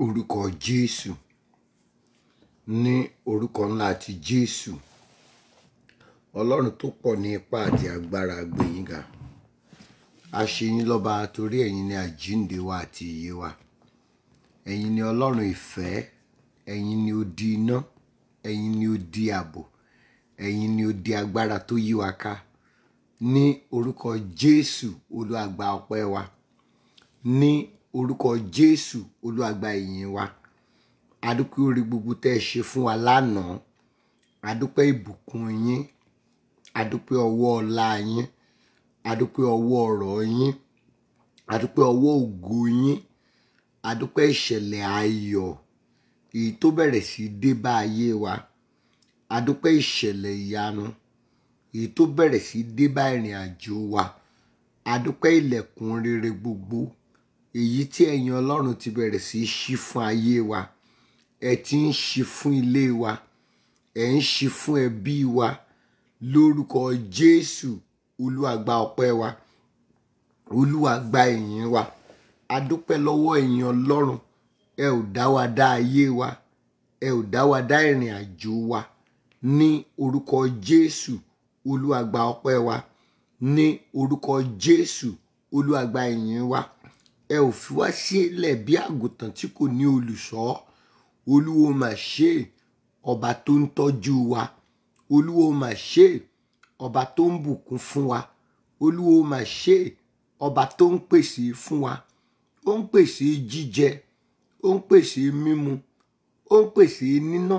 orúkọ jésù ní orúkọ ńlá ti jésù ọlọ́run tó pọ̀ ní ipá àti agbára gbẹ̀yìngà a ṣe yín lọ́ba torí ẹ̀yin ni àjíǹde wa àti Iye wa ẹ̀yin ni ọlọ́run ìfẹ́ ẹ̀yin ni odi iná ẹ̀yin ni odi ààbò ẹ̀yin ni odi agbára tó yí wa ká ní orúkọ jésù olúwa gba ọpẹ́ wa ní orúkọ jésù olúwàgbà ìyìn wa adúpẹ́ orí gbogbo tẹ́ ẹ ṣe fún wa lánàá adúpẹ́ ìbùkún yín adúpẹ́ ọwọ́ ọlá yín adúpẹ́ ọwọ́ ọ̀rọ̀ yín adúpẹ́ ọwọ́ ògo yín adúpẹ́ ìṣẹ̀lẹ̀ ayọ̀ èyí tó bẹ̀rẹ̀ sí dé bá ayé wa adúpẹ́ ìṣẹ̀lẹ̀ ìyanu èyí tó bẹ̀rẹ̀ sí dé bá ìrìn àjò wa adúpẹ́ ilẹ̀kùn rere gbogbo èyí tí ẹ̀yin ọlọ́run ti bẹ̀rẹ̀ sí í ṣí fún ayé wa ẹ ti ń ṣí fún ilé wa ẹ ń ṣí fún ẹbí wa lórúkọ jésù olúwa gba wa olúwa gba ìyìn wa adúpẹ́ lọ́wọ́ ẹ̀yin ọlọ́run ẹ ò dá wa dá ayé wa ẹ ò dá wa dá ìrìn àjò wa ní orúkọ jésù olúwa gba wa ní orúkọ jésù olúwa gba wa. Ni ẹ ò fi wá sílẹ̀ bí àgùntàn tí kò ní olùṣọ́ olúwo mà ṣe ọba tó ń tọ́jú wa olúwo mà ṣe ọba tó ń bùkún fún wa olúwo mà ṣe ọba tó ń pèsè fún wa ó ń pèsè jíjẹ ó ń pèsè mímu ó ń pèsè níná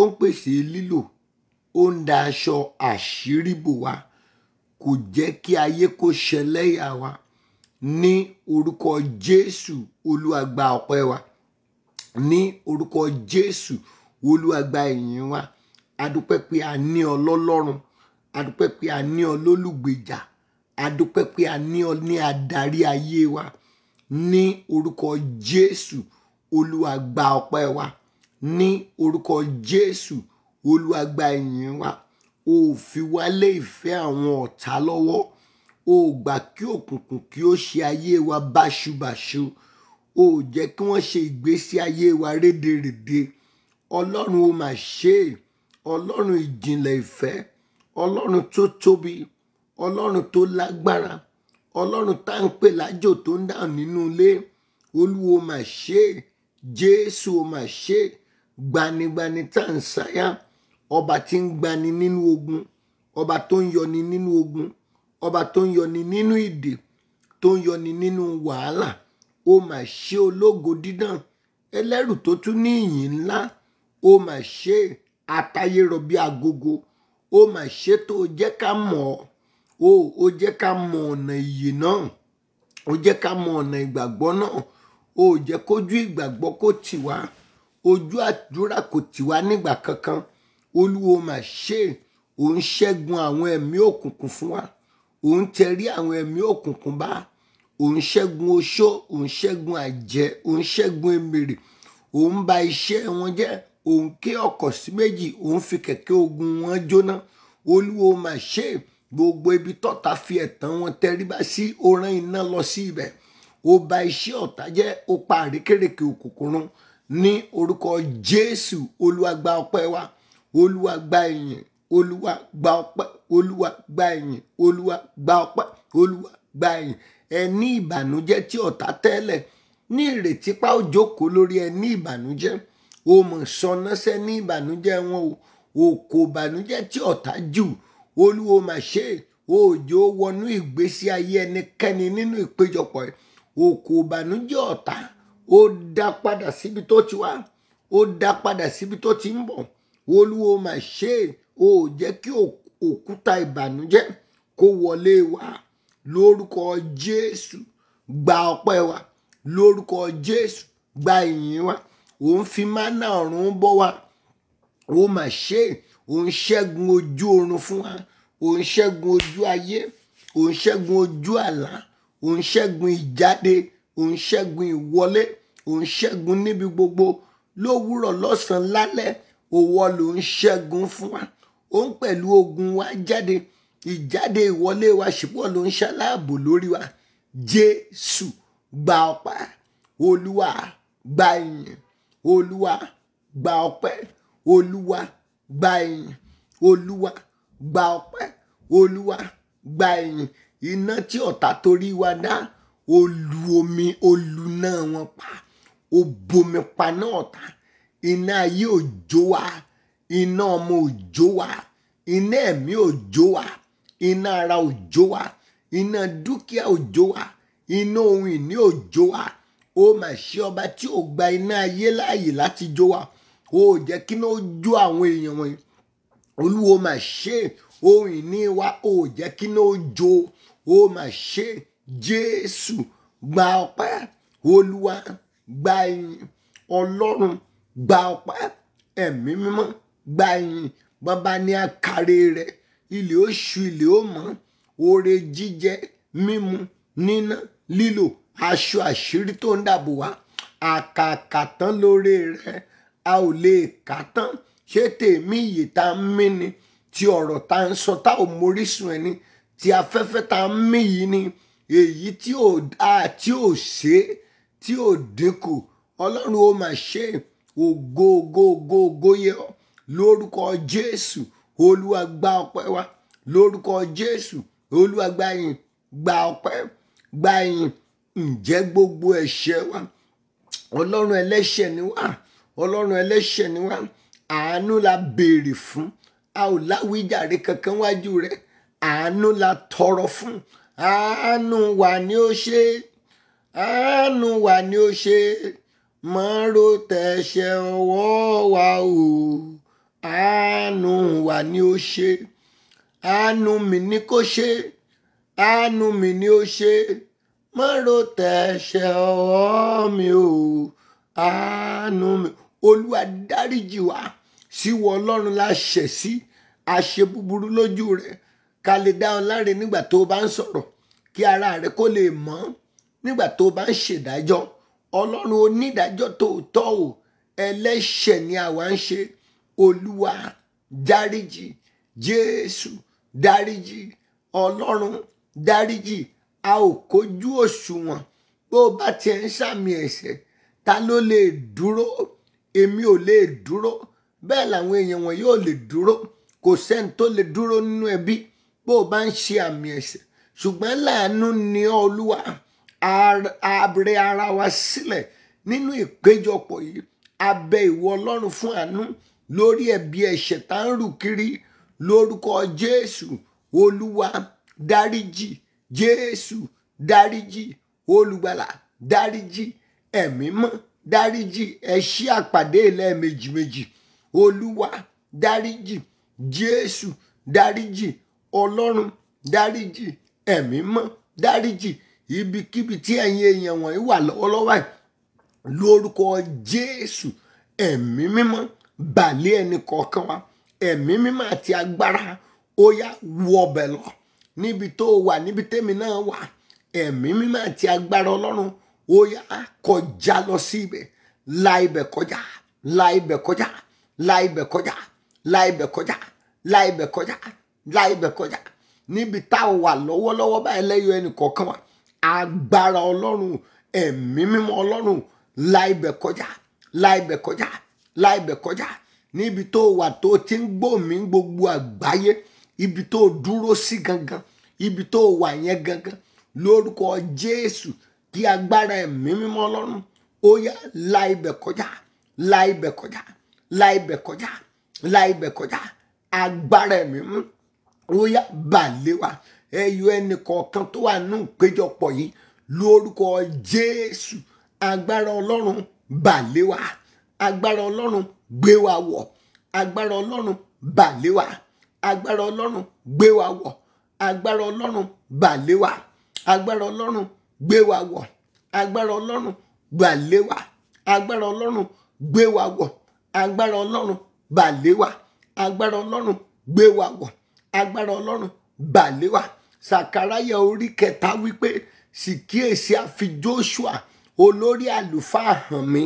ó ń pèsè lílò ó ń da aṣọ àṣírí bò wá kò jẹ́ kí ayé kó ṣẹlẹ́yà wa ní orúkọ jésù olúwa gba ọpẹ́ wa ní orúkọ jésù olúwa gba ìyìn wa adúpẹ́ pé a ní ọ lọ́lọ́run adúpẹ́ pé a ní ọ lólùgbèjà adúpẹ́ pé a ní ọ ní adarí ayé wa ní orúkọ jésù olúwa gba wa ní orúkọ jésù olúwa gba wa ò wálé ìfẹ́ àwọn ọ̀tá lọ́wọ́ o gbà kí òkùnkùn kí ó ṣe ayé wa báṣubàṣu o jẹ́ kí wọ́n ṣe ìgbésí ayé wa rédèrèdè ọlọ́run ó mà ṣe é ọlọ́run ìjìnlẹ̀ ìfẹ́ ọlọ́run tó tóbi ọlọ́run tó lágbára ọlọ́run tá à ń pè lájò tó ń dà nínú ilé olúwo mà ṣe é jésù ó mà ṣe gbanigbani tá à ń ọba tí ń gbani nínú ogun ọba tó ń yọni nínú ogun ọba tó ń yọni nínú ìdè tó ń yọni nínú wàhálà ó mà ṣe ológo dídán ẹlẹ́rù tó tún ní ìyìn ńlá ó mà ṣe atayérọbí agogo ó mà ṣe tó jẹ́ ká mọ̀ ọ́ ó jẹ́ ká mọ̀ ọ̀nà ìyè náà ó jẹ́ ká mọ̀ ọ̀nà ìgbàgbọ́ náà ó jẹ́ kójú ìgbàgbọ́ kó tì wá ojú àdúrà kò tì wá nígbà kankan olúwo mà ṣe òun ṣẹ́gun àwọn ẹ̀mí òkùnkùn fún wa òun tẹrí àwọn ẹ̀mí òkùnkùn bá òun ṣẹ́gun oṣó òun ṣẹ́gun àjẹ́ òun ṣẹ́gun emèrè òun bà iṣẹ́ wọn jẹ́ òun ké ọkọ̀ sí méjì òun fi kẹ̀kẹ́ ogun wọn jóná olúwo mà ṣe gbogbo ibi tọ́ta fi ẹ̀tàn wọn tẹríba sí ó iná lọ sí ibẹ̀ ó bà iṣẹ́ ọ̀tá jẹ́ ó pa àrékèrèké òkùnkùn ní orúkọ jésù olúwa gba ọpẹ́ wa olúwa gba ìyìn olúwa gba ọpẹ́ olúwa gba ẹ̀yìn olúwa gba ọpẹ́ olúwa gba ẹ̀yìn ẹ ní ìbànújẹ́ tí ọ̀tá tẹ́lẹ̀ ní ìrètí pa ó jókòó lórí ẹ ní ìbànújẹ́ o mọ̀ sọnáṣẹ́ ní ìbànújẹ́ wọn o òkò ìbànújẹ́ tí ọ̀tá jù olúwo mà ṣe òòjò wọnú ìgbésí ayé ẹnikẹ́ni nínú ìpéjọpọ̀ ẹ òkò ìbànújẹ́ ọ̀tá ó dá padà síbi tó ti wá ó dá padà síbi tó ti ń bọ̀ olúwo mà ṣe o ò jẹ́ kí òkúta ìbànújẹ́ kó wọlé wa lórúkọ Jésù gba ọpẹ́ wa lórúkọ Jésù gba ìyìn wa ò ń fi mánà ọ̀run bọ́ wa ó mà ṣe ò ń ṣẹ́gun ojú oorun fún wa ò ń ṣẹ́gun ojú ayé ò ń ṣẹ́gun ojú àlá ò ń ṣẹ́gun ìjáde ò ń ṣẹ́gun ìwọlé ò ń ṣẹ́gun níbi gbogbo lówùúrọ̀ lọ́sàn-án lálẹ́ òwò ló ṣẹ́gun fún wa òun pẹ̀lú ogun wa jáde ìjáde ìwọlé wa ṣùgbọ́n ló ń ṣaláàbò lórí wa jésù gba ọpẹ́ olúwa gba ìyìn olúwa gba ọpẹ́ olúwa gba ìyìn olúwa gba ọpẹ́ olúwa gba ìyìn iná tí ọ̀tá torí wa dá olú omi olú náà wọn pa ó bomi paná ọ̀tá iná ayé òjò wa iná ọmọ òjò wa iná ẹ̀mí òjò wa iná ara òjò wa iná dúkìá òjò wa iná ohun ìní òjò wa ó mà ṣe ọba tí ò gba iná ayé láàyè láti jó wa ó jẹ́ kí ló jó àwọn èèyàn wọ̀nyí olúwo mà ṣe ohun ìní wa ó jẹ́ kí ló jó ó mà ṣe jésù gba ọpẹ́ olúwa gba ẹ̀yìn ọlọ́run gba ọpẹ́ ẹ̀mí mímọ́ gba ìyìn bàbá ní àkàrẹ rẹ ilé oṣù ilé ó mọ oore jíjẹ mímu níná lílò aṣọ àṣírí tó ń dàbò wá àkàkà tán lóore rẹ a ò lè kà tán ṣé tèmi ìyè tá a ń mí ni ti ọ̀rọ̀ tá a ń sọ tá ò mórísun ẹni ti afẹ́fẹ́ tá a ń mí yìí ni èyí tí ò dá tí ò ṣe tí ò dínkù ọlọ́run ó mà ṣe ògo yẹ ọ́ lórúkọ jésù olúwa gba ọpẹ́ wa lórúkọ jésù olúwa gba ìyìn gba ọpẹ́ gba ìyìn ǹjẹ́ gbogbo ẹ̀ṣẹ̀ wa ọlọ́run ẹlẹ́ṣẹ̀ ni wá ọlọ́run ẹlẹ́ṣẹ̀ ni wá àánú la béèrè fún a ò láwíjàre kankan wájú rẹ àánú la tọrọ fún àánú wa ni ó ṣe àánú wa ni ó ṣe máa ro tẹ̀sẹ̀ ọwọ́ wa o àánú wa ni ó ṣe àánú mi ni kó ṣe àánú mi ni ó ṣe má ro tẹ̀ṣẹ̀ ọwọ́ mi o àánú mi olúwa dáríjì wá síwọ ọlọ́run la ṣẹ̀ sí àṣe búburú lójú rẹ ká lè dá ọ láre nígbà tó o bá ń sọ̀rọ̀ kí ara rẹ kó lè mọ́ nígbà tó o bá ń ṣèdájọ́ ọlọ́run onídàájọ́ tòótọ́ o ẹlẹ́ṣẹ̀ ni àwa ń ṣe olúwa dáríjì jésù dáríjì ọlọ́run dáríjì a ò kójú òṣùwọ̀n bó o bá tiẹ̀ ń sàmì ẹ̀ṣẹ̀ ta ló lè dúró èmi ò lè dúró bẹ́ẹ̀ làwọn èèyàn wọn yóò lè dúró kò sẹ́ni tó lè dúró nínú ẹbí bó o bá ń ṣe àmì ẹ̀ṣẹ̀ ṣùgbọ́n láàánú ni olúwa abre ara wa sílẹ̀ nínú ìpéjọpọ̀ yìí abẹ ìwọ ọlọ́run fún àánú lórí ẹ̀bi ẹ̀ṣẹ̀ tá ń rù kiri lórúkọ jésù olúwa dáríjì jésù dáríjì olùgbàlà dáríjì ẹ̀mí mọ́ dáríjì ẹ̀ṣí àpàdé lẹ́ẹ̀mejì méjì olúwa dáríjì jésù dáríjì ọlọ́run dáríjì ẹ̀mí mọ́ dáríjì ibikíbi tí ẹ̀yin èèyàn wọ̀nyí wà lọ́wọ́lọ́wọ́ lórúkọ jésù ẹ̀mí mímọ́ bàlẹ́ ẹnì kọ̀ọ̀kan wa ẹ̀mí mímọ́ àti agbára ó yá wọ ọbẹ̀ lọ níbi tó wà níbi tẹ́mi náà wà ẹ̀mí mímọ́ àti agbára ọlọ́run ó yá kọjá lọ sí ibẹ̀ la ibẹ̀ kọjá la ibẹ̀ kọjá la ibẹ̀ kọjá la ibẹ̀ kọjá la ibẹ̀ kọjá la kọjá níbi tá a wà lọ́wọ́lọ́wọ́ báyìí lẹ́yọ ẹnì kọ̀ọ̀kan wa agbára ọlọ́run ẹ̀mí mímọ́ ọlọ́run la kọjá la kọjá láì bẹ̀ kọjá níbi tó wà tó ti ń gbòmí gbogbo àgbáyé ibi tó dúró sí gangan ibi tó wà yẹn gangan lórúkọ Jésù kí agbára ẹ̀mí mímọ́ lọ́rùn ó yá láì bẹ̀ kọjá láì bẹ̀ kọjá láì bẹ̀ kọjá láì bẹ̀ kọjá agbára ẹ̀mí mú ó yá bà lé wa ẹyọ ẹnì kọ̀ọ̀kan tó wà nù péjọpọ̀ yìí lórúkọ Jésù agbára Ọlọ́run bà agbára ọlọ́run gbé wa wọ̀ agbára ọlọ́run bà lé wa agbára ọlọ́run gbé wa wọ̀ agbára ọlọ́run bà lé wa agbára ọlọ́run gbé wa wọ̀ agbára ọlọ́run bà lé wa agbára ọlọ́run gbé wa wọ̀ agbára ọlọ́run bà lé wa agbára ọlọ́run gbé wa wọ̀ agbára ọlọ́run bà lé wa sàkáráyà orí kẹta wípé sì kíyèsí àfi Joshua olórí àlùfáà hàn mí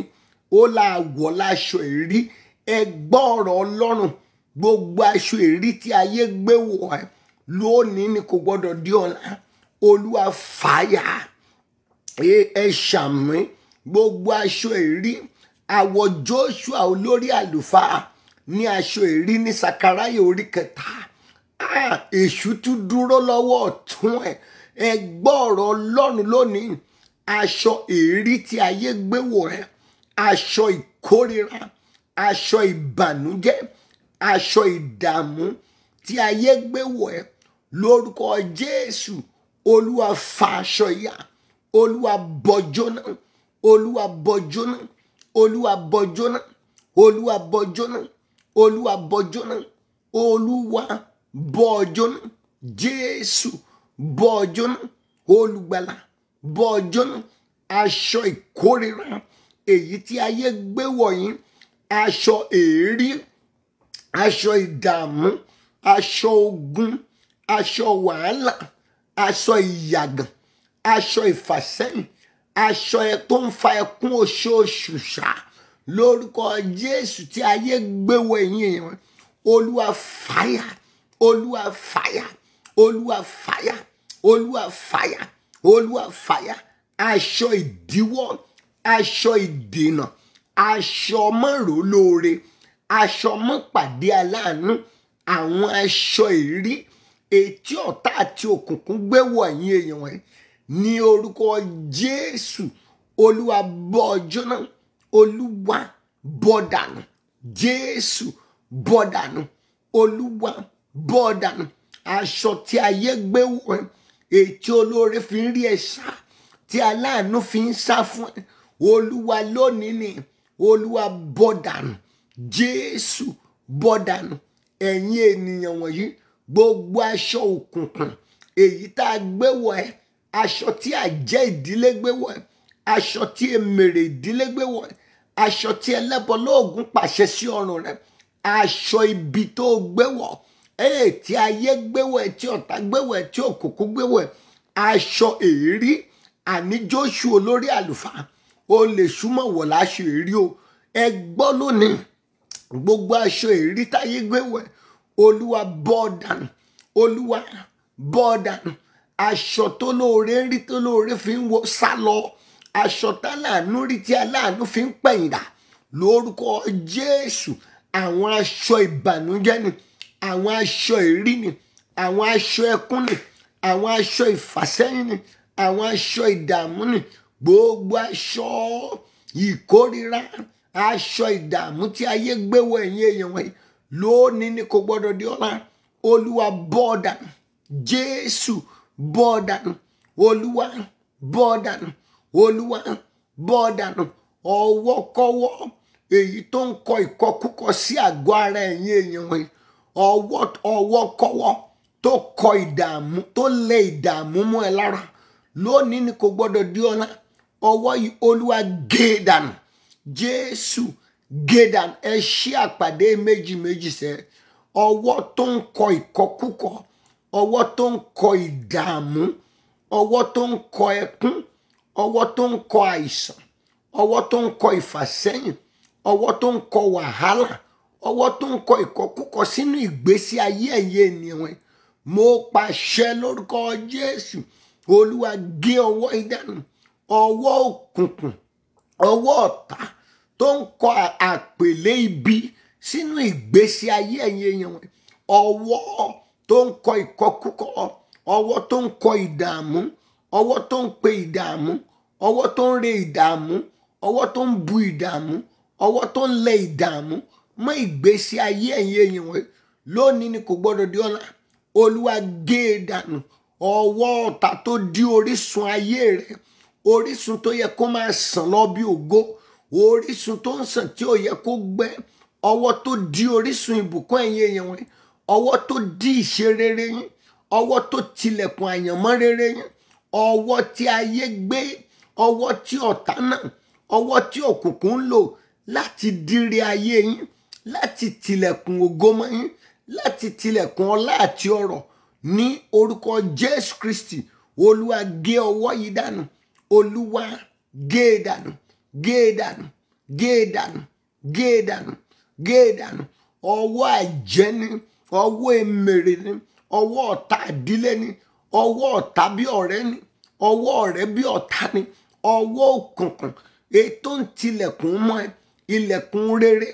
ó la wọ̀ láṣọ ìrí ẹ gbọ́ ọ̀rọ̀ ọlọ́run gbogbo aṣọ ìrí tí ayé gbé wọ̀ ẹ́ lónìí ni kò gbọ́dọ̀ di ọ̀la olúwa fàáyà ẹ ṣàmì gbogbo aṣọ ìrí àwọ̀ joshua olórí àlùfáà ní aṣọ ìrí ní sakaraya orí kẹta èṣù tún dúró lọ́wọ́ ọ̀tún ẹ̀ ẹ gbọ́ ọ̀rọ̀ ọlọ́run lónìí aṣọ ìrí tí ayé gbé wọ̀ ẹ́ aṣọ ìkórira aṣọ ìbànújẹ́ aṣọ ìdààmú tí ayé gbé wọ̀ ẹ́ lórúkọ jésù olúwa fa aṣọ ìyà olúwa bọjọ́nà olúwa bọjọ́nà olúwa bọjọ́nà olúwa bọjọ́nà olúwa bọjọ́nà olúwa bọjọ́nà jésù bọjọ́nà olùgbàlà bọjọ́nà aṣọ ìkórira èyí tí ayé gbé wọ̀nyí aṣọ èérí aṣọ ìdààmú aṣọ ogun aṣọ wàhálà aṣọ ìyàgàn aṣọ ìfàsẹ́yìn aṣọ tó ń fa ẹkún oṣooṣù ṣá lórúkọ jésù tí ayé gbé wọ ẹ̀yìn èèyàn olúwa fàyà olúwa fàyà olúwa fàyà olúwa fàyà olúwa fàyà aṣọ ìdíwọ́ aṣọ ìdènà aṣọ mọ́rò lóore aṣọ mọ́pàdé aláàánú àwọn aṣọ ìrí etí ọ̀tá àti òkùnkùn gbé wọ̀ ẹ̀yìn èèyàn wọ̀nyí ní orúkọ jésù olúwa bọ́ ọjọ́ náà olúwa bọ́ dànù jésù bọ́ dànù olúwa bọ́ dànù aṣọ tí ayé gbé wọ̀ ẹ́ olóore fi ń rí ẹ sá tí aláàánú fi ń sá fún ẹ olúwa lónìí ni olúwa bọ́dànù jésù bọ́dànù ẹ̀yin ènìyàn wọ̀nyí gbogbo aṣọ òkùnkùn èyí tá a gbé wọ̀ ẹ́ aṣọ tí àjẹ́ ìdílé gbé wọ̀ ẹ́ aṣọ tí èmèrè ìdílé gbé wọ̀ ẹ́ aṣọ tí ẹlẹ́bọ lóògùn pàṣẹ sí ọrùn rẹ aṣọ ibi tó gbé wọ̀ ẹ̀ eh, tí ayé gbé wọ̀ ẹ́ tí ọ̀tá gbé wọ̀ ẹ́ tí òkùnkùn gbé wọ̀ ẹ́ aṣọ èérí àní Jóṣù olórí àlùfáà o lè súnmọ́ wọ̀ láṣọ èrí o ẹ gbọ́ lónìí gbogbo aṣọ èrí táyé gbé wẹ̀ olúwa bọ́ dànù olúwa bọ́ dànù aṣọ tó lóore ń rí tó lóore fi ń wo sá lọ aṣọ táláàánú rí tí aláàánú fi ń pẹ̀yìn dà lórúkọ jésù àwọn aṣọ ìbànújẹ́ ni àwọn aṣọ èrí ni àwọn aṣọ ẹkún ni àwọn aṣọ ìfàsẹ́yìn ni àwọn aṣọ ìdààmú ni gbogbo aṣọ ìkórira aṣọ ìdààmú tí ayé gbé wọ ẹ̀yìn èèyàn wọ̀nyí lónìí ni kò gbọ́dọ̀ di ọ̀la olúwa bọ́ọ̀dà jésù bọ́ọ̀dà olúwa bọ́ọ̀dà olúwa bọ́ọ̀dà ọwọ́kọ́wọ́ èyí tó ń kọ ìkọkúkọ sí àgọ́ ara ẹ̀yìn èèyàn wọ̀nyí ọwọ́ ọwọ́kọ́wọ́ tó kọ ìdààmú tó lé ìdààmú mọ́ ẹ lára lónìí ni kò gbọ́dọ̀ di ọ̀la ọwọ́ yìí olúwa gé dànù jésù gé dànù ẹ ṣí àpàdé méjì méjì sẹ ọwọ́ tó ń kọ ìkọkúkọ ọwọ́ tó ń kọ ìdààmú ọwọ́ tó ń kọ ẹkún ọwọ́ tó ń kọ àìsàn ọwọ́ tó ń kọ ìfàsẹ́yìn ọwọ́ tó ń kọ wàhálà ọwọ́ tó ń kọ ìkọkúkọ sínú ìgbésí ayé ẹ̀yẹ ènìyàn mo pàṣẹ lórúkọ jésù olúwa gé ọwọ́ ìdànù ọwọ́ òkùnkùn ọwọ́ ọ̀tá tó ń kọ àpèlé ibi sínú ìgbésí ayé ẹ̀yin èèyàn wọn ọwọ́ tó ń kọ ìkọkúkọ ọwọ́ tó ń kọ ìdààmú ọwọ́ tó ń pe ìdààmú ọwọ́ tó ń re ìdààmú ọwọ́ tó ń bu ìdààmú ọwọ́ tó ń lẹ ìdààmú Mọ ìgbésí ayé ẹ̀yin èèyàn wọn lónìí ni kò gbọ́dọ̀ di ọ̀la olúwa gé e dànù ọwọ́ ọ̀tá tó di orísun ayé rẹ̀ orísun tó yẹ kó máa sàn lọ bí ògo orísun tó ń sàn tí ò yẹ kó gbẹ ọwọ́ tó di orísun ìbùkún ẹ̀yin èèyàn wọn ọwọ́ tó di ìṣe rere yín ọwọ́ tó tilẹ̀kùn àyànmọ́ rere yín ọwọ́ tí ayé gbé ọwọ́ tí ọ̀tá náà ọwọ́ tí òkùnkùn ń lò láti dírí ayé yín láti tilẹ̀kùn ògo mọ́ yín láti tilẹ̀kùn ọlá àti ọrọ̀ ní orúkọ Jésù Kristi olúwa gé ọwọ́ yìí dànù olúwa gé e dànù gé e dànù gé e dànù gé e dànù gé e dànù ọwọ́ àjẹ́ ni ọwọ́ èmèrè ni ọwọ́ ọ̀tá ìdílé ni ọwọ́ ọ̀tá bí ọ̀rẹ́ ni ọwọ́ ọ̀rẹ́ bí ọ̀tá ni ọwọ́ òkùnkùn ètò ń mọ́ ẹ ilẹ̀kùn rere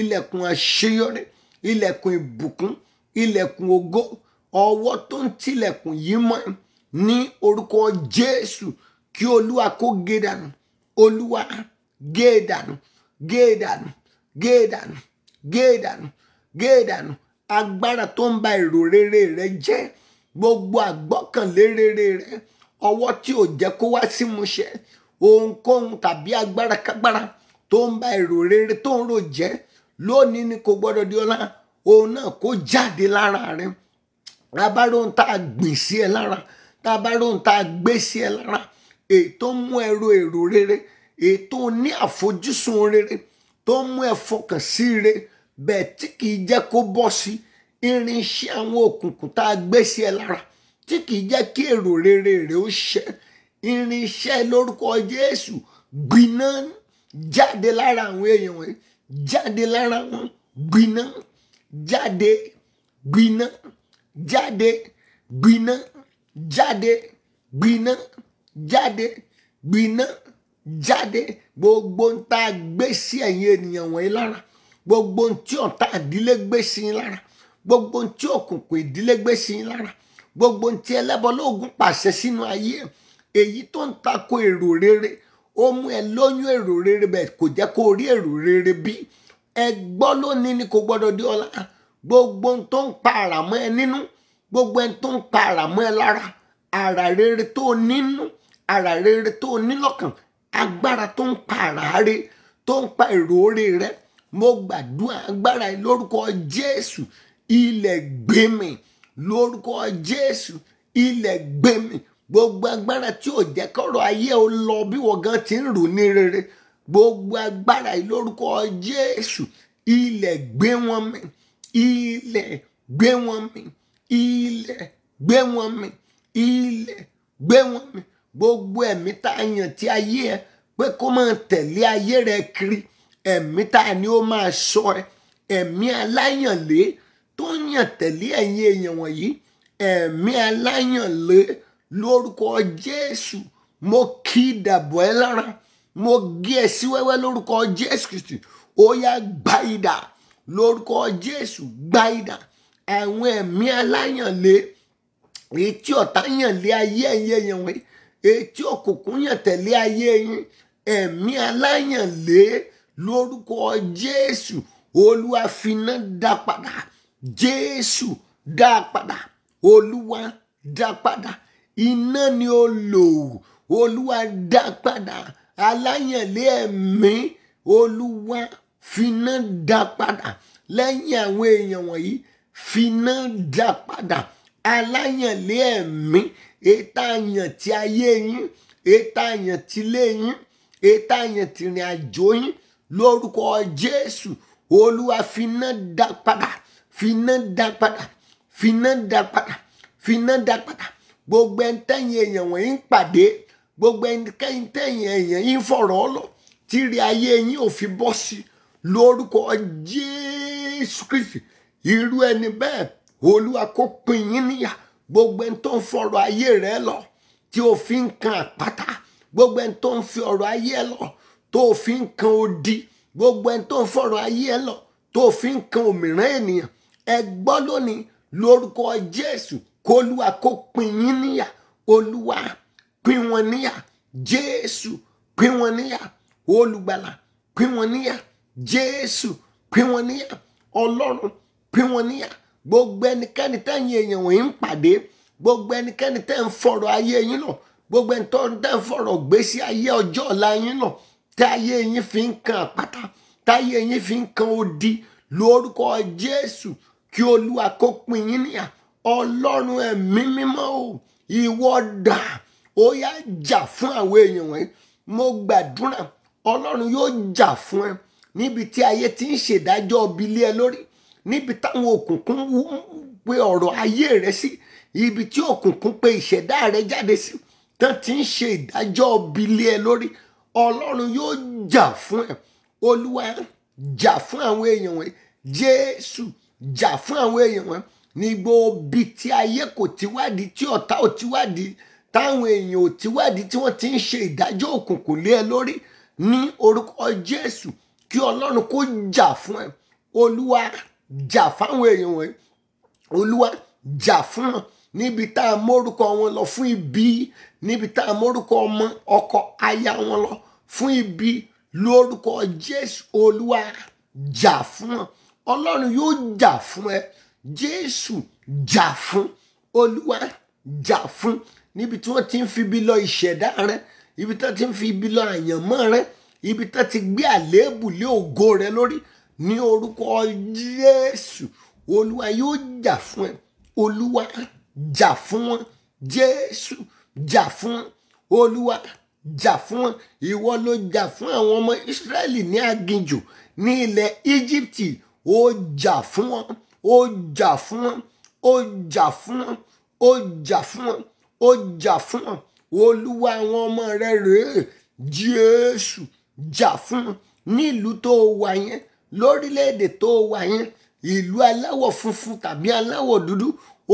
ilẹ̀kùn àṣeyọrí ilẹ̀kùn ìbùkún ilẹ̀kùn ògo ọwọ́ tó ń yìí mọ́ ẹ ní orúkọ Jésù kí olúwa kó gé dànù olúwa gé dànù gé dànù gé dànù gé dànù gé dànù agbára tó ń ba èrò rere rẹ jẹ́ gbogbo àgbọ́kànlé rere rẹ ọwọ́ tí ò jẹ́ kó wá sí mu ṣẹ ohunkóhun tàbí agbára kágbára tó ń ba èrò rere tó ń rò jẹ́ lónìí ni kò gbọ́dọ̀ di ọlá òun náà kó jáde lára rẹ abáròhun tá a gbìn sí ẹ lára tá a tá a gbé sí ẹ lára èyí tó mú ẹrọ èrò rere èyí tó ní àfojúsùn rere tó mú ẹ fọkàn sí rere bẹ́ẹ̀ tí kìí jẹ́ kó bọ́ sí irinṣẹ́ àwọn òkùnkùn tá a gbé sí ẹ lára tí kìí jẹ́ kí èrò rere rẹ ó ṣẹ irinṣẹ́ lórúkọ Jésù gbiná jáde lára àwọn èèyàn wọn jáde lára wọn gbiná jáde gbiná jáde gbiná jáde gbiná jáde gbiná jáde gbogbo ń tá a gbé sí ẹ̀yin ènìyàn wọ̀nyí lára gbogbo ń tí ọ̀tá ìdílé gbé sí yín lára gbogbo ń tí òkùnkùn ìdílé gbé sí yín lára gbogbo ń tí ẹlẹ́bọ lóògùn pàṣẹ sínú ayé èyí tó ń tako èrò rere ó mú ẹ lóyún èrò rere bẹ́ẹ̀ kò jẹ́ kó rí èrò rere bí ẹ lónìí ni kò gbọ́dọ̀ di ọ̀la gbogbo ń tó ń pa àrà ẹ nínú gbogbo ń tó ń pa àrà ẹ lára àrà rere tó nínú àrà rere tó ní lọ́kàn agbára tó ń pa àrà rẹ tó ń pa èrò orí rẹ mo gbàdúrà agbára yìí lórúkọ Jésù ilẹ̀ gbẹmí lórúkọ Jésù ilẹ̀ gbẹmí gbogbo agbára tí ò jẹ́ kọ́rọ̀ ayé o lọ bí wọ́n gan ti ń rò ní rere gbogbo agbára lórúkọ Jésù ilẹ̀ gbé wọn mì ilẹ̀ gbé wọn mì ilẹ̀ gbé wọn mì ilẹ̀ gbé wọn mì gbogbo ẹ̀mí tá a yàn tí ayé ẹ pé kó máa tẹ̀lé ayé rẹ kiri ẹ̀mí tá a ní ó máa sọ ẹ ẹ̀mí aláyànlé tó yàn tẹ̀lé ẹ̀yin èèyàn wọ̀nyí ẹ̀mí aláyànlé lórúkọ Jésù mo kí ìdàbọ̀ ẹ lára mo gé ẹ sí wẹ́wẹ́ lórúkọ Jésù Kristi ó yá gba idà lórúkọ Jésù gba idà àwọn ẹ̀mí aláyànlé èyí ọ̀tá yàn ayé ẹ̀yin èèyàn wọ̀nyí etí òkùnkùn yàn tẹ̀lé ayé yín ẹ̀mí aláyànlé lórúkọ jésù olúwa finá dá padà jésù dá padà olúwa dá padà iná ni ó lò olúwa dá padà aláyànlé ẹ̀mí olúwa finá dá padà lẹ́yìn àwọn èèyàn wọ̀nyí finá dá padà aláyànlé ẹ̀mí ètò àyàn ti ayé yín ètò àyàn ti ilé yín ètò àyàn ti ìrìn àjò yín lórúkọ Jésù olúwa finá dá padà finá dá padà finá dá padà finá dá padà gbogbo ẹni èèyàn wọ̀nyí ń pàdé gbogbo ẹni èèyàn yìí ń fọ̀rọ̀ ọlọ́ tíri ayé yín ò fi bọ́ sí lórúkọ Jésù Kristi irú ẹni bẹ́ẹ̀ olúwa kó pin yín níyà gbogbo ẹni tó ń fọ̀rọ̀ ayé rẹ lọ tí o fi ń kan àpáta gbogbo ẹni tó ń fi ọ̀rọ̀ ayé ẹ lọ tó o fi ń kan odi gbogbo ẹni tó ń fọ̀rọ̀ ayé ẹ lọ tó o fi ń kan òmìrán ènìyàn ẹ gbọ́ lónìí lórúkọ jésù kólúwa kó pin yín níyà olúwa pin wọn níyà jésù pin wọn níyà olùgbàlà pin wọn níyà jésù pin wọn níyà ọlọ́run pin wọn níyà gbogbo ẹnikẹ́ni tẹ́yìn èèyàn wọ̀nyí ń pàdé gbogbo ẹnikẹ́ni tẹ́ ń fọ̀rọ̀ ayé yín lọ gbogbo ẹnikẹ́ni tẹ́ ń fọ̀rọ̀ gbèsè ayé ọjọ́ ọ̀la yín lọ tẹ́ ayé yín fi ń kan àpáta tẹ́ ayé yín fi ń kan odi lórúkọ Jésù kí Olúwa kó pín yín níyà Ọlọ́run ẹ̀mí mímọ́ o ìwọ dà ó yá jà fún àwọn èèyàn wọ̀nyí mo gbàdúrà Ọlọ́run yóò jà fún ẹ níbi tí ayé ti ń ṣèdájọ́ bilé lórí níbi táwọn òkùnkùn pe ọ̀rọ̀ ayé rẹ sí ibi tí òkùnkùn pe ìṣẹ̀dá rẹ jáde sí tán ti ń ṣe ìdájọ́ bilẹ̀ ẹ lórí ọlọ́run yóò jà fún ẹ olúwa jà fún àwọn èèyàn wọn jésù jà fún àwọn èèyàn wọn ní gbòòbí tí ayé kò ti wádìí tí ọ̀tá ò ti wádìí táwọn èèyàn ò ti wádìí tí wọ́n ti ń ṣe ìdájọ́ òkùnkùn lé ẹ lórí ní orúkọ jésù kí ọlọ́run kó jà fún ẹ olúwa jà fáwọn èèyàn wọ̀nyí olúwa jà fún wọn níbi tá a mórúkọ wọn lọ fún ibi níbi tá a mórúkọ ọmọ ọkọ aya wọn lọ fún ibi lórúkọ jésù olúwa jà fún wọn ọlọ́run yóò jà fún ẹ jésù jà fún olúwa jà fún níbi tí wọ́n ti ń fi ibi lọ ìṣẹ̀dá rẹ ibi tí wọ́n ti ń fi ibi lọ àyànmọ́ rẹ ibi tí wọ́n ti gbé àléébù lé ògo rẹ lórí ní orúkọ jésù olúwa yóò jà fún ẹ olúwa jà fún wọn jésù jà fún wọn olúwa jà fún wọn ìwọ ló jà fún àwọn ọmọ ìsírẹ́lì ní aginjù ní ilẹ̀ íjíbítì ó jà fún wọn ó jà fún wọn ó jà fún wọn ó jà fún wọn ó jà fún wọn olúwa àwọn ọmọ rẹ rèé jésù jà fún wọn nílùú tó wà yẹn lórílẹ̀‐èdè tó wà yẹn ìlú aláwọ̀ funfun tàbí aláwọ̀ dúdú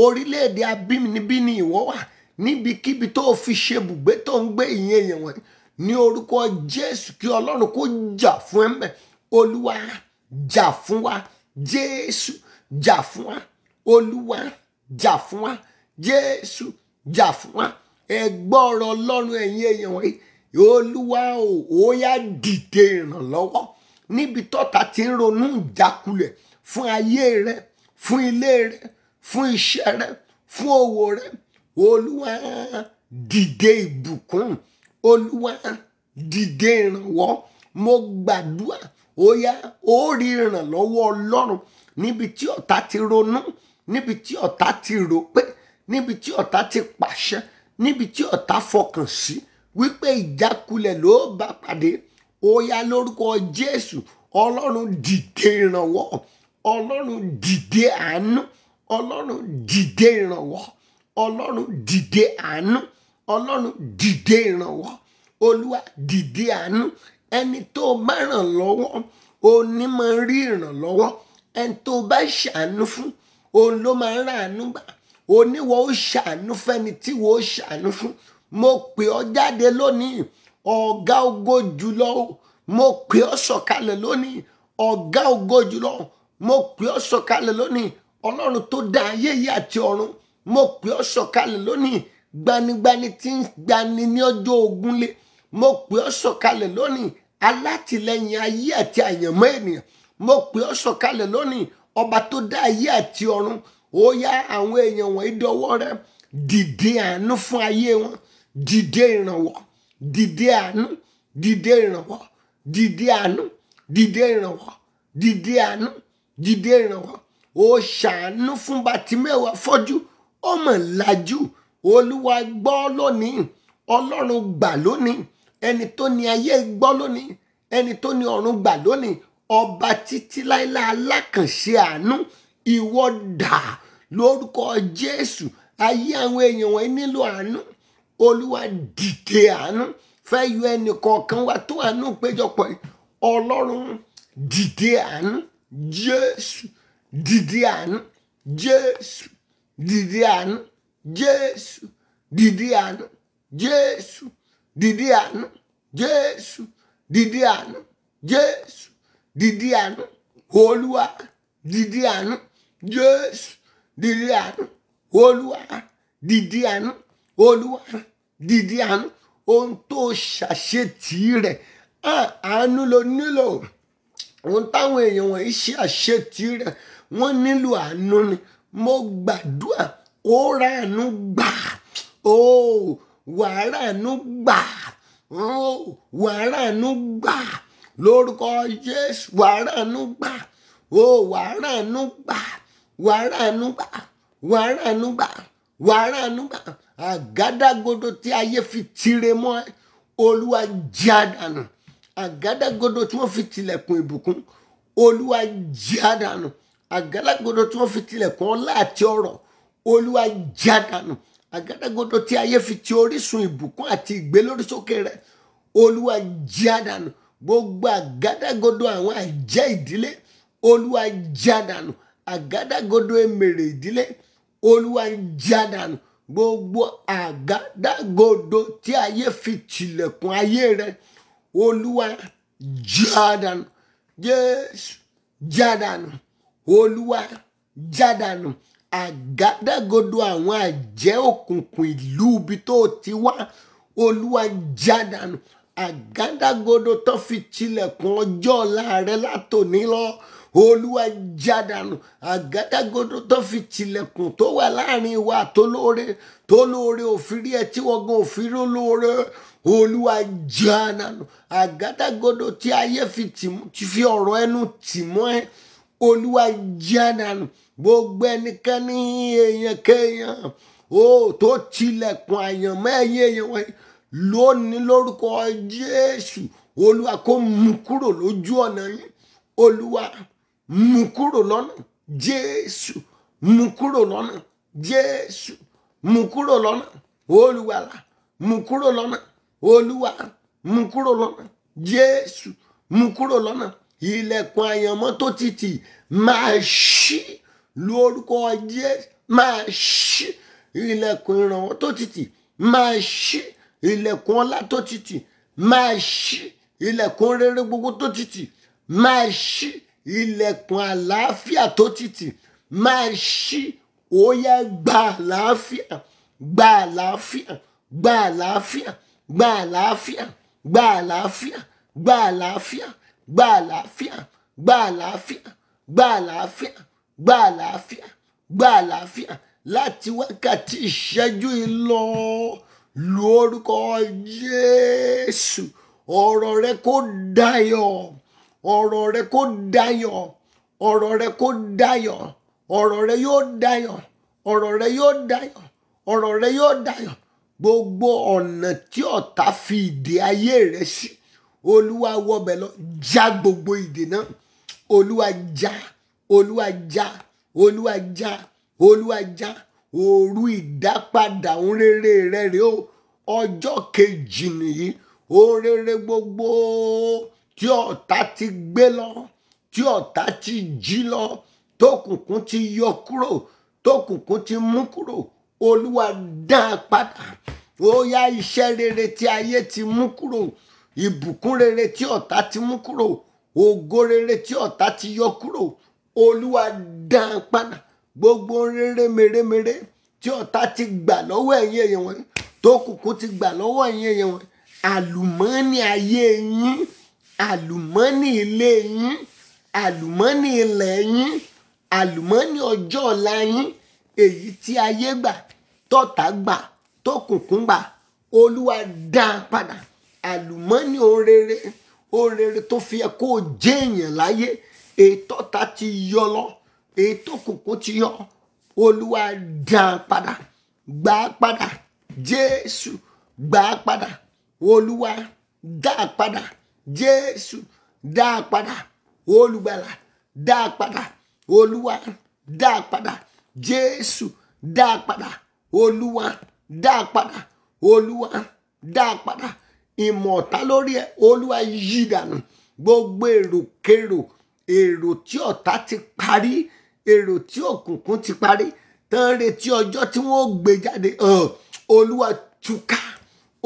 orílẹ̀‐èdè abínibí ni ìwọ wà níbikíbi tó fi ṣe bùgbé tó ń gbé ìyẹn èèyàn wọ̀nyí ní orúkọ jésù kí ọlọ́run kó jà fún ẹ mẹ́ olúwa jà fún wa jésù jà fún wa olúwa jà fún wa jésù jà fún wa ẹ ọ̀rọ̀ ọlọ́run ẹ̀yin èèyàn wọ̀nyí olúwa ò ó yá dìde ìrànlọ́wọ́ níbi tọ́ta ti ń ronú ìjákulẹ̀ fún ayé rẹ fún ilé rẹ fún iṣẹ́ rẹ fún owó rẹ olúwa dìde ìbùkún olúwa dìde ìrànwọ́ mo gbàdúrà ó yá ó rí ìrànlọ́wọ́ ọlọ́run níbi tí ọ̀tá ti ronú níbi tí ọ̀tá ti rò pé níbi tí ọ̀tá ti pàṣẹ níbi tí ọ̀tá fọkàn sí wípé ìjákulẹ̀ ló bá pàdé ó yá lórúkọ jésù ọlọ́run dìde ìrànwọ́ ọlọ́run dìde àánú ọlọ́run dìde ìrànwọ́ ọlọ́run dìde àánú ọlọ́run dìde ìrànwọ́ olúwa dìde àánú ẹni tó bá ràn lọ́wọ́ òní máa rí ìrànlọ́wọ́ ẹni tó bá ṣàánú fún òun ló máa ń ràánú gbà oníwọ̀ ó ṣàánú fẹ́ni tí wọ́n ó ṣàánú fún mo pè ọ́ jáde lónìí ọ̀gá ògo jùlọ mo pè ọ́ sọ̀kalẹ̀ lónìí ọ̀gá ògo jùlọ mo pè ọ́ sọ̀kalẹ̀ lónìí ọlọ́run tó dá ayé yìí àti ọ̀run mo pè ọ́ sọ̀kalẹ̀ lónìí gbanigbani tí ń gbani ní ọjọ́ ogun lé mo pè ọ́ sọ̀kalẹ̀ lónìí alátìlẹyìn ayé àti àyànmọ́ ènìyàn mo pè ọ́ sọ̀kalẹ̀ lónìí ọba tó dá ayé àti ọ̀run ó àwọn èèyàn wọ̀nyí dọwọ́ rẹ dìde àánú fún ayé wọn dìde ìrànwọ́ dìde àánú dìde ìrànwọ́ dìde àánú dìde ìrànwọ́ dìde àánú dìde ìrànwọ́ ó ṣàánú fún Bàtíméwà fọ́jú ó mọ̀ lajú olúwa gbọ́ lónìí ọlọ́run gbà lónìí ẹni tó ní ayé gbọ́ lónìí ẹni tó ní ọ̀run gbà lónìí ọba títí láíláí alákànṣe àánú ìwọ dà lórúkọ Jésù ayé àwọn èèyàn wọn nílò àánú olúwa dìde àánú fẹ́ yọ ẹnì kọ̀ọ̀kan wa tó àánú péjọpọ̀ yìí ọlọ́run dìde àánú jésù dìde àánú jésù dìde àánú jésù dìde àánú jésù dìde àánú jésù dìde àánú jésù dìde àánú olúwa dìde àánú jésù dìde àánú olúwa dìde àánú olúwa dìde àánú ohun tó ṣàṣetì rẹ̀ àánú ló nílò ohun táwọn èèyàn wọ̀nyí ṣe àṣetì rẹ̀ wọ́n nílò àánú ni mo gbàdúrà ó ráàánú gbà ó wàá ráàánú gbà ó wàá ráàánú gbà lórúkọ Jésù wàá ráàánú gbà ó wàá ráàánú gbà wàá ráàánú gbà wàá ráàánú gbà wàá ráàánú gbà àgádágodo tí ayé fi tire mọ́ olúwa já dànù àgádágodo tí wọ́n fi tilẹ̀kùn ìbùkún olúwa já dànù àgádágodo tí wọ́n fi tilẹ̀kùn ọlá àti ọrọ̀ olúwa já dànù àgádágodo tí ayé fi ti orísun ìbùkún àti ìgbélórísókè rẹ̀ olúwa já dànù gbogbo àgádágodo àwọn àjẹ́ ìdílé olúwa já dànù àgádágodo emèrè ìdílé olúwa já dànù gbogbo àgádágodo tí ayé fi tìlẹ̀kùn ayé rẹ olúwa jádànù jésù jádànù olúwa jádànù àgádágodo àwọn àjẹ́ òkùnkùn ìlú ibi tó ti wá olúwa jádànù àgádágodo tó fi tìlẹ̀kùn ọjọ́ ọ̀la rẹ látòní lọ olúwa jádànù àgádágodo tó fi tilẹ̀kùn tó wà láàrin wa tó lóore tó lóore òfìrí ẹ tí wọ́n gan òfìrí olóore olúwa jádànù àgádágodo tí ayé fi ọ̀rọ̀ ẹnu tì mọ́ ẹ olúwa jádànù gbogbo ẹnikẹ́ni èèyàn kéèyàn ó tó tilẹ̀kùn àyànmọ́ ẹ̀yìn èèyàn wọ̀nyí lónìí lórúkọ jésù olúwa kó mú kúrò lójú ọ̀nà yín olúwa mú kúrò lọ́nà jésù mú kúrò lọ́nà jésù mú kúrò lọ́nà olúwalà mú kúrò lọ́nà olúwa mú kúrò lọ́nà jésù mú kúrò lọ́nà ilẹ̀kùn àyànmọ́ tó ti tì máa ṣí lórúkọ jésù máa ṣí ilẹ̀kùn ìrànwọ́ tó ti tì máa ṣí ilẹ̀kùn ọlá tó ti tì máa ṣí ilẹ̀kùn rere gbogbo tó ti máa ṣí ilẹ̀kùn àlàáfíà tó títì máa ṣí ó yá gba àlàáfíà gba àlàáfíà gba àlàáfíà gba àlàáfíà gba àlàáfíà gba àlàáfíà gba àlàáfíà gba àlàáfíà gba àlàáfíà gba àlàáfíà gba àlàáfíà láti wákàtí ìṣẹ́jú ìlọ lórúkọ Jésù ọ̀rọ̀ rẹ kó dayọ̀ ọ̀rọ̀ rẹ kó dayọ̀ ọ̀rọ̀ rẹ kó dayọ̀ ọ̀rọ̀ rẹ yóò dayọ̀ ọ̀rọ̀ rẹ yóò dayọ̀ ọ̀rọ̀ rẹ yóò dayọ̀ gbogbo ọ̀nà tí ọ̀tá fi ìdè ayé rẹ sí olúwa wọbẹ̀ lọ já gbogbo ìdè náà olúwa já olúwa já olúwa já olúwa já òru ìdápadà òun rere rẹ rèé o ọjọ́ kejì nìyí òun gbogbo tí ọ̀tá ti gbé lọ tí ọ̀tá ti jí lọ tókùnkùn ti yọ kúrò tókùnkùn ti mú kúrò olúwa dán padà ó yá iṣẹ́ rere tí ayé ti mú kúrò ìbùkún rere tí ọ̀tá ti mú kúrò ògo rere tí ọ̀tá ti yọ kúrò olúwa dán padà gbogbo rere mèremère tí ọ̀tá ti gbà lọ́wọ́ ẹ̀yin èèyàn wọn tókùnkùn ti gbà lọ́wọ́ ẹ̀yin èèyàn wọn àlùmọ́ọ́nì ayé yín àlùmọ́nì ilé yín àlùmọ́nì ilẹ̀ yín àlùmọ́nì ọjọ́ ọ̀la yín èyí tí ayé gbà tọ̀tá gbà tọkùnkùn gbà olúwa dá a padà àlùmọ́nì orere orere tó fi ẹ kó jẹ́ láyé ètò ti yọ lọ ètò kùnkùn ti yọ olúwa dá a padà gbà á padà jésù gbà á padà olúwa dá padà jésù dá a padà olùgbàlà dá a padà olúwa dá a padà jésù dá a padà olúwa dá a padà olúwa dá a padà ìmọ̀ta lórí ẹ̀ olúwa yí dànù gbogbo èròkèrò èrò tí ọ̀tá ti parí èrò tí òkùnkùn ti parí tán retí ọjọ́ tí wọ́n gbé jáde olúwa túká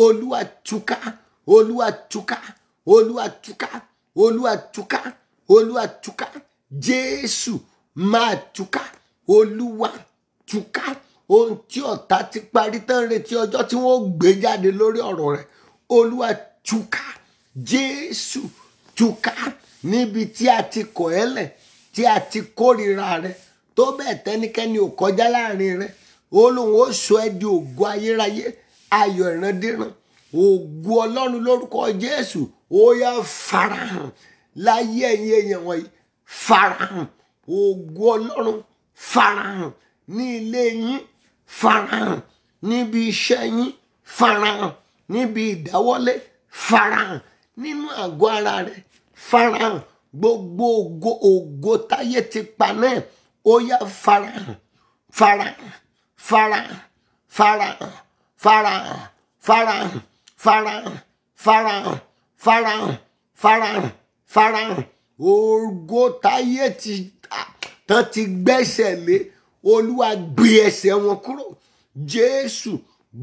olúwa túká olúwa túká olúwa túká olúwa túká olúwa túká jésù máa túká olúwa túká ohun tí ọ̀tá ti parí tán retí ọjọ́ tí wọ́n gbé jáde lórí ọ̀rọ̀ rẹ̀ olúwa túká jésù túká níbi tí a ti kọ̀ ẹ́ lẹ̀ tí a ti kórìíra rẹ̀ tó bẹ́ẹ̀ tẹ́nikẹ́ni ò kọjá láàrin rẹ̀ ó ó sọ ẹ́ di ògo ayérayé ayọ̀ ìrandíran ògo ọlọ́run lórúkọ jésù ó yá farahàn láyé ẹ̀yin èèyàn wọ̀nyí farahàn ògo ọlọ́run farahàn ní ilé yín farahàn níbi iṣẹ́ yín farahàn níbi ìdáwọ́lé farahàn nínú àgọ́ ara rẹ farahàn gbogbo ògo ògo táyé ti pa náà ó yá farahàn farahàn farahàn farahàn farahàn farahàn farahàn farahàn farahàn farahàn farahàn ògo táyé ti ah, tán ti gbẹ́sẹ̀ lé olúwa gbé ẹsẹ̀ wọn kúrò jésù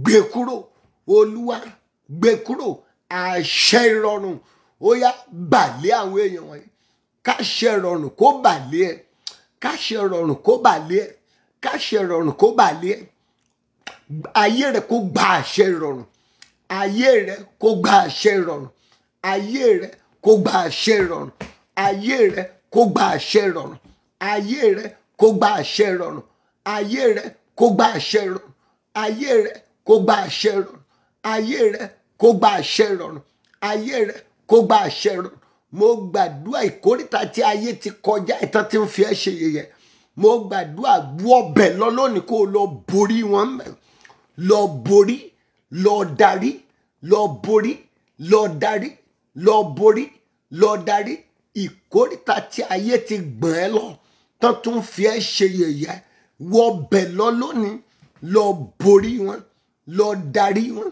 gbé kúrò olúwa gbé kúrò àṣẹ ìrọ̀rùn ó yá bàlẹ́ àwọn èèyàn wọ̀nyí káṣẹ ìrọ̀rùn kó bàlẹ́ ẹ káṣẹ ìrọ̀rùn kó bàlẹ́ ẹ káṣẹ ìrọ̀rùn kó bàlẹ́ ẹ ayé rẹ kó gba àṣẹ ìrọ̀rùn ayé rẹ kó gba àṣẹ ìrọ̀rùn ayé rẹ kó gba àṣẹ ìrọ̀rùn ayé rẹ kó gba àṣẹ ìrọ̀rùn ayé rẹ kó gba àṣẹ ìrọ̀rùn ayé rẹ kó gba àṣẹ ìrọ̀rùn ayé rẹ kó gba àṣẹ ìrọ̀rùn ayé rẹ kó gba àṣẹ ìrọ̀rùn ayé rẹ kó gba àṣẹ ìrọ̀rùn mo gbàdúrà ìkórìtà tí ayé ti kọjá ìtàn tí ń fi ẹ́ ṣe yẹ̀yẹ́ mo gbàdúrà gbọ́ ọbẹ̀ lọ lónìí kó lọ borí wọn lọ borí lọ darí lọ borí lọ darí lọ borí lọ darí ìkórìtà tí ayé ti gbọ̀n ẹ́ lọ tán tún fi ẹ́ ṣe yẹ̀yẹ́ wọ bẹ̀ lọ lónìí lọ borí wọn lọ darí wọn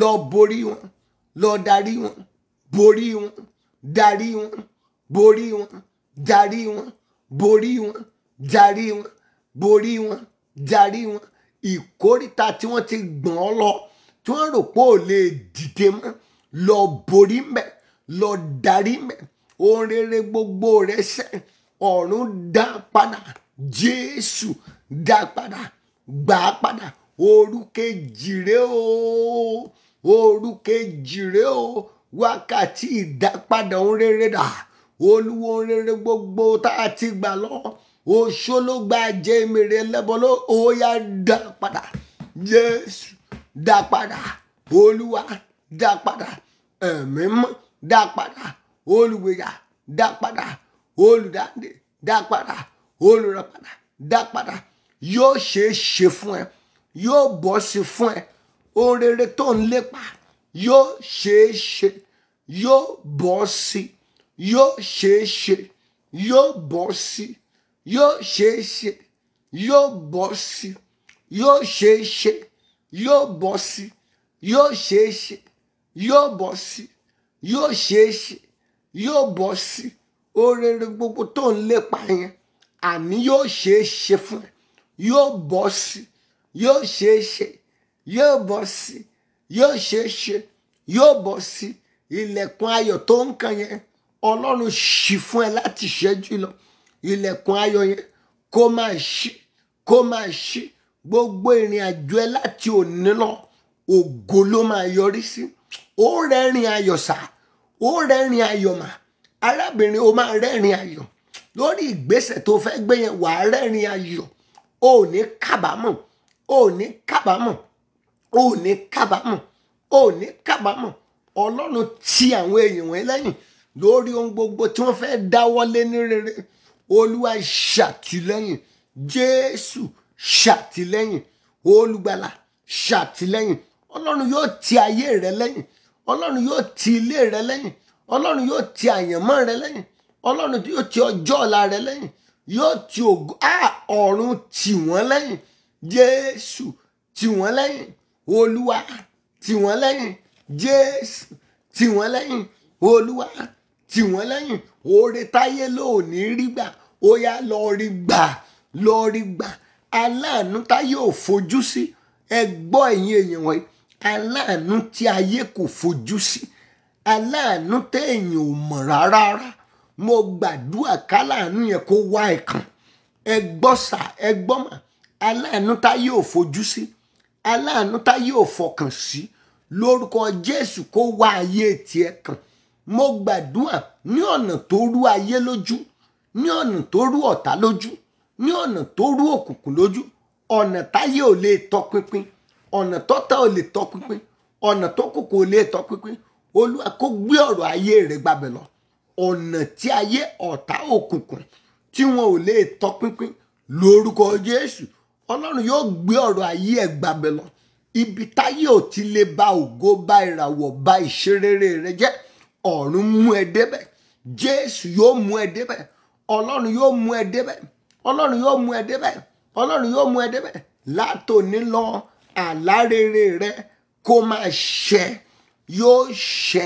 lọ borí wọn lọ darí wọn borí wọn darí wọn borí wọn darí wọn borí wọn darí wọn borí wọn darí wọn ìkórìtà tí wọ́n ti gbọ̀n ọ́ lọ tí wọ́n rò pé ò lè dìde mọ́ lọ borí mẹ́ lọ darí mẹ́ ohun rere gbogbo rẹ ṣẹ ọ̀run dá padà Jésù dá padà gbà padà orúkejì rẹ o orúkejì rẹ o wákàtí ìdápadà ohun rere dà olúwo ohun rere gbogbo tá a ti gbà lọ oṣó ló gba jẹ́ mèrè lẹ́bọ̀ ló ó yá dá padà Jésù dá padà olúwa dá padà ẹ̀mí mọ́ dá padà olùgbèjà dá padà olùdáǹdè dá padà olùràpadà dá padà yóò ṣeé ṣe fún ẹ yóò bọ́ sí fún ẹ ohun rere tó ń lépa yóò ṣeé ṣe yóò bọ́ sí yóò ṣeé ṣe yóò bọ́ sí yóò ṣeé ṣe yóò bọ́ sí yóò ṣeé ṣe yóò bọ́ sí yóò ṣeé ṣe yóò bọ́ sí yóò ṣeé ṣe yóò bọ́ sí oore gbogbo tó ń lépa yẹn àní yóò ṣeé ṣe fún ẹ yóò bọ́ sí yóò ṣeé ṣe yóò bọ́ sí yóò ṣeé ṣe yóò bọ́ sí ilẹ̀kùn ayọ̀ tó ń kan yẹn ọlọ́run ṣì fún ẹ láti ṣẹ́jú lọ ilẹ̀kùn ayọ̀ yẹn kó máa ṣí kó máa ṣí gbogbo ìrìn àjò ẹ láti òní lọ ògo ló máa yọrí sí ó rẹ́rìn ayọ̀ sá ó rẹ́rìn ayọ̀ mà arábìnrin ó máa rẹ́rìn ayọ̀ lórí ìgbésẹ̀ tó fẹ́ gbé yẹn wàá rẹ́rìn ayọ̀ ó ní kábàámọ̀ ó ní kábàámọ̀ ó ní kábàámọ̀ ó ní kábàámọ̀ ọlọ́run ti àwọn èèyàn wọn lẹ́yìn lórí ohun gbogbo tí wọ́n fẹ́ dáwọ́lé ní rere olúwa ṣàtìlẹ́yìn jésù ṣàtìlẹ́yìn olùgbàlà ṣàtìlẹ́yìn ọlọ́run yóò ti ayé rẹ lẹ́yìn ọlọ́run yóò ti ilé rẹ lẹ́yìn ọlọ́run yóò ti àyànmọ́ rẹ lẹ́yìn ọlọ́run yóò ti ọjọ́ ọ̀la rẹ lẹ́yìn yóò ti ògo á ọ̀run tì wọ́n lẹ́yìn jésù tì wọ́n lẹ́yìn olúwa tì wọ́n lẹ́yìn jésù tì wọ́n lẹ́yìn olúwa tì wọ́n lẹ́yìn oore táyé lóò ní rí gbà ó yá lọ rí gbà lọ rí gbà aláàánú tá yóò fojú sí ẹ gbọ́ ẹ̀yin èèyàn wọ̀nyí aláàánú tí ayé kò fojú sí aláàánú téèyàn ò mọ̀ rárá mo gbàdúrà káláàánú yẹn kó wá ẹ̀ kàn ẹ gbọ́ sà ẹ gbọ́ mà aláàánú tá yóò fojú sí aláàánú tá yóò fọkàn sí lórúkọ Jésù kó wá ayé tiẹ̀ kàn mo gbàdúrà ní ọ̀nà tó rú ayé lójú ní ọ̀nà tó rú ọ̀tá lójú ní ọ̀nà tó rú òkùnkùn lójú ọ̀nà táyé ò lè tọpinpin ọ̀nà tọ́tà ò lè tọpinpin ọ̀nà tó kòkò ò lè tọpinpin olúwa kó gbé ọ̀rọ̀ ayé rẹ̀ gbabẹ̀ lọ ọ̀nà tí ayé ọ̀tá òkùnkùn tí wọn ò lè tọpinpin lórúkọ Jésù ọlọ́run yóò gbé ọ̀rọ̀ ayé ẹ̀ gbabẹ̀ lọ ibi táyé ò ti lè ba ògo ba ìràwọ̀ ba ìṣerere rẹ jẹ́ ọ̀run mú ẹ débẹ̀ Jésù yóò mú ẹ débẹ̀ ọlọ́run yóò mú ẹ débẹ̀ ọlọ́run yóò mú ẹ débẹ̀ ọlọ́run yóò mú ẹ débẹ̀ látòní lọ àlárere rẹ kó máa ṣẹ yóò ṣẹ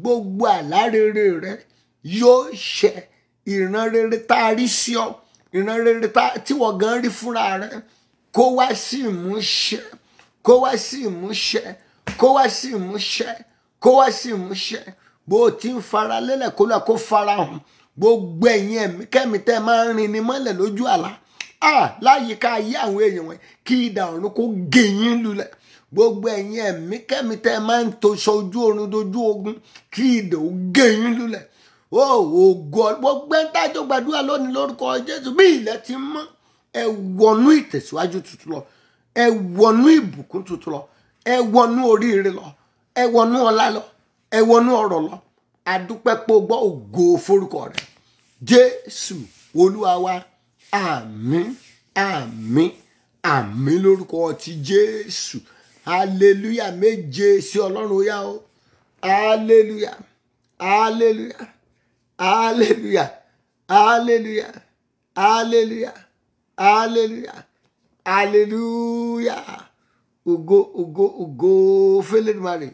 gbogbo àlárere rẹ yóò ṣẹ ìran tá a rí sí ọ ìran rere tí wọ́n gan rí fúnra rẹ kó wá sí ìmúṣẹ kó wá sí ìmúṣẹ kó wá sí ìmúṣẹ kó wá sí ìmúṣẹ bó o ti ń fara lélẹ̀ kó lọ kó fara hàn gbogbo ẹ̀yin ẹ̀mí kẹ́mi máa ń rin ni mọ́lẹ̀ lójú àlá láyìíká ayé àwọn èèyàn wọn kí idà ọ̀run kó gé yín lulẹ̀ gbogbo ẹ̀yin ẹ̀mí kẹ́mi tẹ́ máa ń toṣọ ojú oorun dojú ogun kí idà ó gé yín lulẹ̀ ó ògo gbogbo ẹ̀ńtà tó gbàdúrà lónìí lórúkọ Jésù bí ilẹ̀ ti mọ́ ẹ wọnú ìtẹ̀síwájú tuntun lọ ẹ wọnú ìbùkún tuntun lọ ẹ wọnú oríire lọ ẹ wọnú ọlá lọ ẹ wọnú ọrọ̀ lọ adúpẹ́ pé o gbọ́ ògo forúkọ rẹ̀ jésù olúwa wa àmín àmín àmín lórúkọ ti jésù hallelujah méje sí ọlọ́run yá o hallelujah hallelujah hallelujah hallelujah hallelujah hallelujah hallelujah ògo ògo ògo fẹlẹ́dùmarè.